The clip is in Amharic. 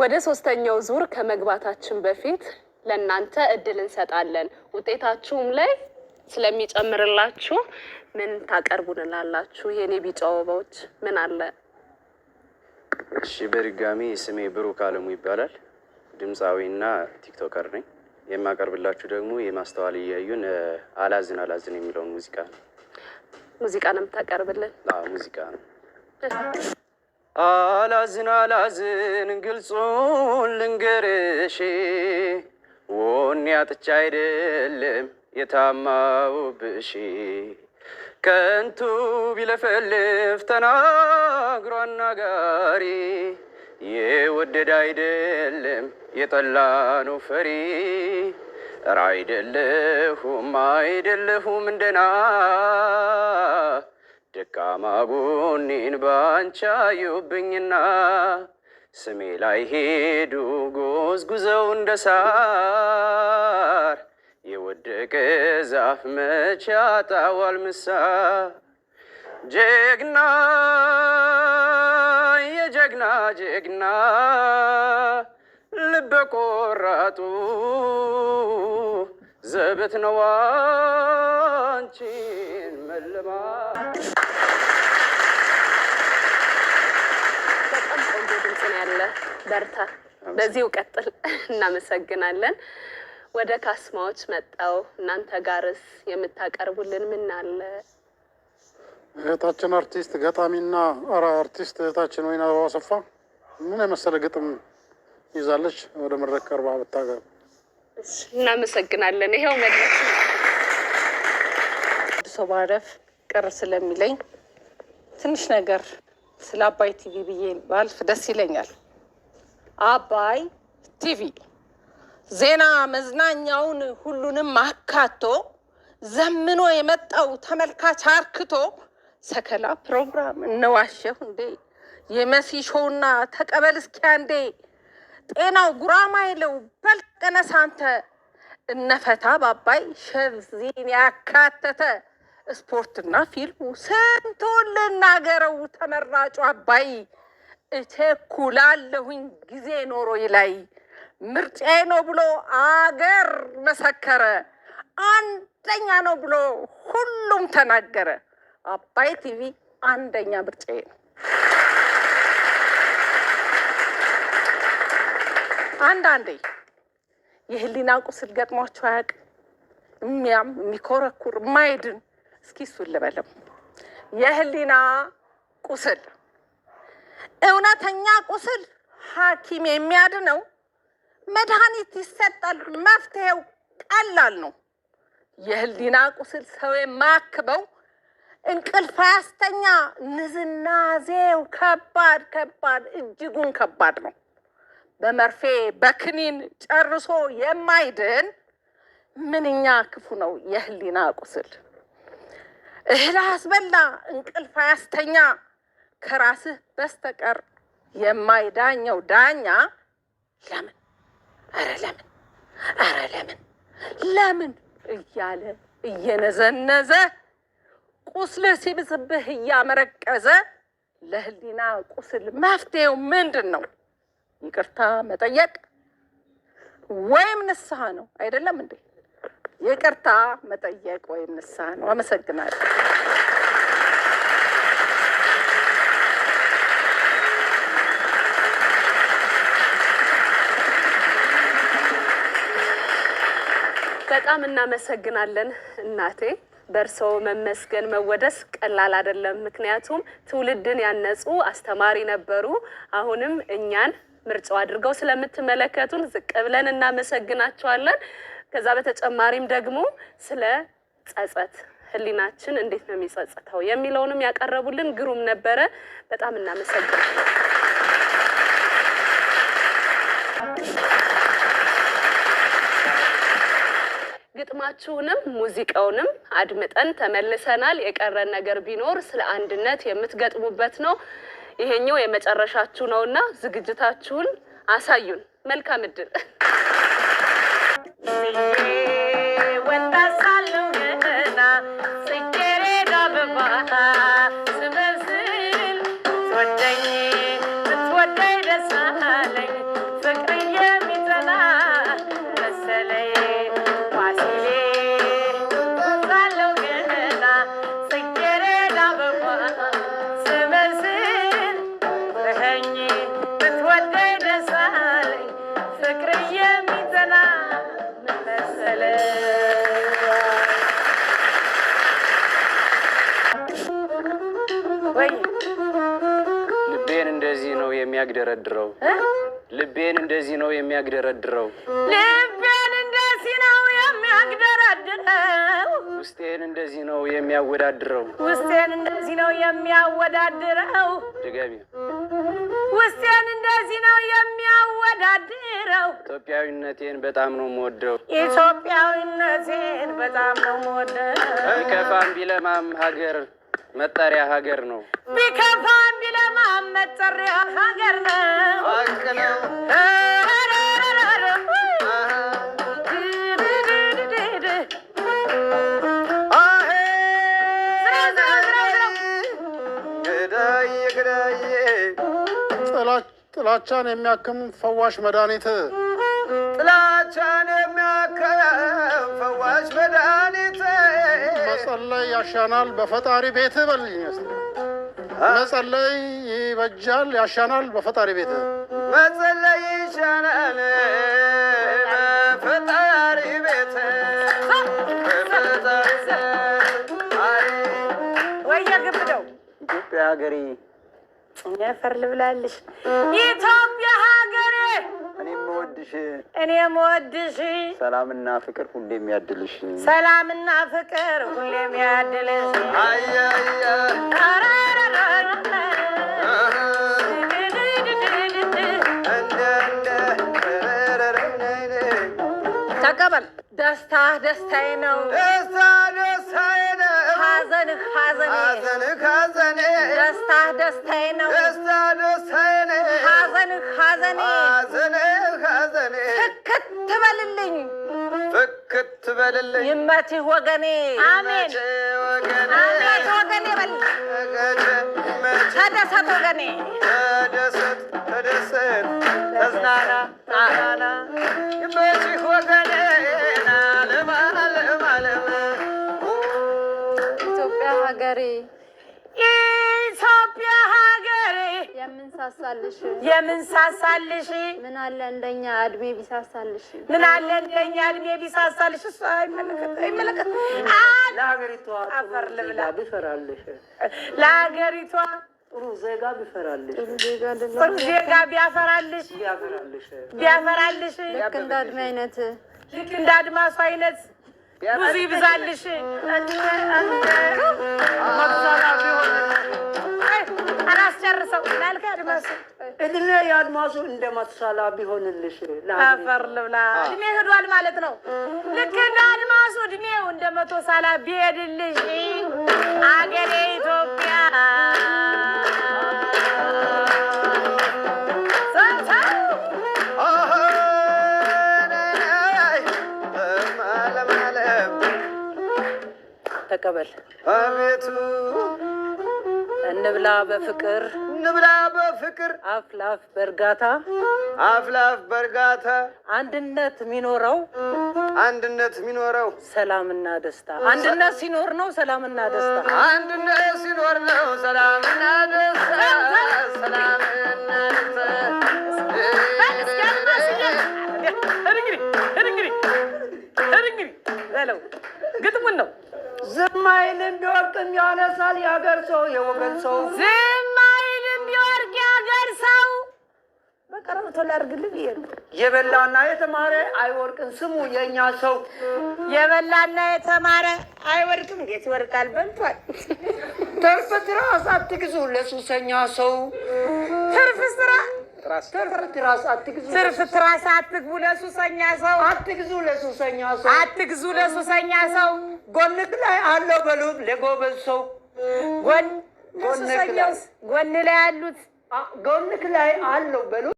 ወደ ሶስተኛው ዙር ከመግባታችን በፊት ለእናንተ እድል እንሰጣለን። ውጤታችሁም ላይ ስለሚጨምርላችሁ ምን ታቀርቡንላላችሁ? የኔ ቢጫ አበባዎች ምን አለ? እሺ፣ በድጋሚ ስሜ ብሩክ አለሙ ይባላል። ድምፃዊና ቲክቶከር ነኝ። የማቀርብላችሁ ደግሞ የማስተዋል እያዩን አላዝን አላዝን የሚለውን ሙዚቃ ነው። ሙዚቃ ነው የምታቀርብልን? ሙዚቃ ነው። አላዝን አላዝን ግልጹን ልንገርሽ ወኔ ያጥቻ አይደለም የታማውብሽ ከንቱ ቢለፈልፍ ተናግሮ አናጋሪ የወደደ አይደለም የጠላኑ ፈሪ ራ አይደለሁም አይደለሁም እንደና ደካማ ጎኔን ባንቺ ስሜ ላይ ሄዱ ጎዝጉዘው እንደ ሳር የወደቀ ዛፍ መች ያጣዋል ምሳ ጀግና የጀግና ጀግና ልበ ቆራጡ ዘበት ነው አንቺን ያለ። በርታ፣ በዚሁ ቀጥል። እናመሰግናለን። ወደ ካስማዎች መጣው። እናንተ ጋርስ የምታቀርቡልን ምን አለ? እህታችን አርቲስት ገጣሚና አራ አርቲስት እህታችን ወይን አበባ አሰፋ ምን የመሰለ ግጥም ይዛለች። ወደ መድረክ ቀርባ ብታገር እናመሰግናለን። ይኸው መድረክ ብሶ ማረፍ ቅር ስለሚለኝ ትንሽ ነገር ስለ አባይ ቲቪ ብዬ ባልፍ ደስ ይለኛል። አባይ ቲቪ ዜና መዝናኛውን ሁሉንም አካቶ ዘምኖ የመጣው ተመልካች አርክቶ ሰከላ ፕሮግራም እነዋሸሁ እንዴ የመሲ ሾውና ተቀበል እስኪያ እንዴ ጤናው ጉራማ የለው በልቀነስ አንተ እነፈታ ባባይ ሸብዚን ያካተተ ስፖርትና ፊልሙ ስንቱን ልናገረው ተመራጩ አባይ እቸኩላለሁኝ ጊዜ ኖሮ ይላይ ምርጫዬ ነው ብሎ አገር መሰከረ። አንደኛ ነው ብሎ ሁሉም ተናገረ። አባይ ቲቪ አንደኛ ምርጫዬ ነው። አንዳንዴ የህሊና ቁስል ገጥሟችሁ አያውቅም? የሚያም የሚኮረኩር የማይድን እስኪ እሱን ልበለም የህሊና ቁስል። እውነተኛ ቁስል ሐኪም የሚያድነው መድኃኒት ይሰጣል። መፍትሄው ቀላል ነው። የህሊና ቁስል ሰው የማያክበው እንቅልፍ አያስተኛ፣ ንዝናዜው ከባድ ከባድ እጅጉን ከባድ ነው። በመርፌ በክኒን ጨርሶ የማይድን ምንኛ ክፉ ነው የህሊና ቁስል። እህል አስበላ እንቅልፍ አያስተኛ ከራስህ በስተቀር የማይዳኘው ዳኛ። ለምን አረ ለምን አረ ለምን ለምን እያለ እየነዘነዘ ቁስል ሲብዝብህ እያመረቀዘ ለህሊና ቁስል መፍትሄው ምንድን ነው? ይቅርታ መጠየቅ ወይም ንስሐ ነው። አይደለም እንዴ? ይቅርታ መጠየቅ ወይም ንስሐ ነው። አመሰግናለሁ። በጣም እናመሰግናለን እናቴ። በእርስዎ መመስገን መወደስ ቀላል አይደለም። ምክንያቱም ትውልድን ያነጹ አስተማሪ ነበሩ። አሁንም እኛን ምርጫው አድርገው ስለምትመለከቱን ዝቅ ብለን እናመሰግናቸዋለን። ከዛ በተጨማሪም ደግሞ ስለ ጸጸት ህሊናችን እንዴት ነው የሚጸጸተው የሚለውንም ያቀረቡልን ግሩም ነበረ። በጣም እናመሰግናለን። ግጥማችሁንም ሙዚቃውንም አድምጠን ተመልሰናል። የቀረን ነገር ቢኖር ስለ አንድነት የምትገጥሙበት ነው። ይሄኛው የመጨረሻችሁ ነውና ዝግጅታችሁን አሳዩን። መልካም እድል። የሚያግደረድረው ልቤን እንደዚህ ነው የሚያግደረድረው ልቤን እንደዚህ ነው የሚያግደረድረው ውስጤን እንደዚህ ነው የሚያወዳድረው ውስጤን እንደዚህ ነው የሚያወዳድረው ድገሚ ውስጤን እንደዚህ ነው የሚያወዳድረው ኢትዮጵያዊነቴን በጣም ነው የምወደው ኢትዮጵያዊነቴን በጣም ነው የምወደው ቢከፋም ቢለማም ሀገር መጠሪያ ሀገር ነው ቢከፋ መጠሪያ ሀገር ነው። ጥላቻን የሚያክም ፈዋሽ መድኃኒት ጥላቻን የሚያክም ፈዋሽ መድኃኒት መጸለይ ያሻናል በፈጣሪ ቤት በልኝ መጸለይ ይበጃል፣ ያሻናል በፈጣሪ ቤት መጸለይ ይሻናል በፈጣሪ ቤት ኢትዮጵያ ሀገሬ እኛ ፈር ልብላልሽ ኢትዮጵያ ሀገሬ እኔም ወድሽ እኔም ወድሽ ሰላምና ፍቅር ሁሌም ያድልሽ ሰላምና ፍቅር ሁሌም ያድልሽ። ተቀበል። ደስታ ደስታዬ ነው። ደስታ ደስታዬ ነው። ሐዘንህ ሐዘኔ ደስታ ደስታዬ ነው። ደስታ ደስታ ሐዘኔ ሐዘኔ ሐዘኔ ፍክት ትበልልኝ ፍክት ትበልልኝ ይመች ወገኔ አሜን አሜን ወገኔ በል ተደሰት ወገኔ ተደሰት ተደሰት ተዝናና ተዝናና ይመች ወገኔ ኢትዮጵያ ሀገሬ ሳሳልሽ የምን ሳሳልሽ ምን አለ እንደኛ እድሜ ቢሳሳልሽ ምን አለ እንደኛ እድሜ ቢሳሳልሽ እሱ አይመለከት ለሀገሪቷ አፈር ልብላ ቢፈራልሽ ለሀገሪቷ ጥሩ ዜጋ ቢፈራልሽ ጥሩ ዜጋ ቢያፈራልሽ ቢያፈራልሽ ልክ እንደ አድሜ አይነት ልክ እንደ አድማሱ አይነት ብዙ ይብዛልሽ። እድሜ የአድማሱ እንደ መሳላ ቢሆንልሽ አፈር ልብላ። እድሜ ሄዷል ማለት ነው። ልክ እንደ አድማሱ እድሜው እንደ መቶ ሳላ ቢሄድልሽ አገሬ ኢትዮጵያ ተቀበል አቤቱ እንብላ በፍቅር እንብላ በፍቅር አፍላፍ ላፍ በእርጋታ አፍ በእርጋታ አንድነት የሚኖረው አንድነት የሚኖረው ሰላምና ደስታ አንድነት ሲኖር ነው። ሰላምና ደስታ አንድነት ሲኖር ነው። ሰላምና ደስታ ሰላምና ደስታ ግጥሙን ነው ዝም አይልም ቢወርቅም ያነሳል የሀገር ሰው የወገን ሰው ዝም አይልም ቢወርቅ የሀገር ሰው በቀረብቶ ላድርግልህ የበላና የተማረ አይወርቅም። ስሙ የእኛ ሰው የበላና የተማረ አይወርቅም። እንዴት ይወርቃል? በልቷል። ትርፍ ትራስ አትግዙ ለሱሰኛ ሰው ትርፍ ስራ ትርፍ ትራስ አትግቡ ለሱሰኛ ሰው አትግዙ ለሱሰኛ ሰው አትግዙ ለሱሰኛ ሰው ጎንክ ላይ አለው በሉት ለጎበዝ ሰው ጎን ጎንክ ላይ አሉት ጎንክ ላይ አለው በሉ።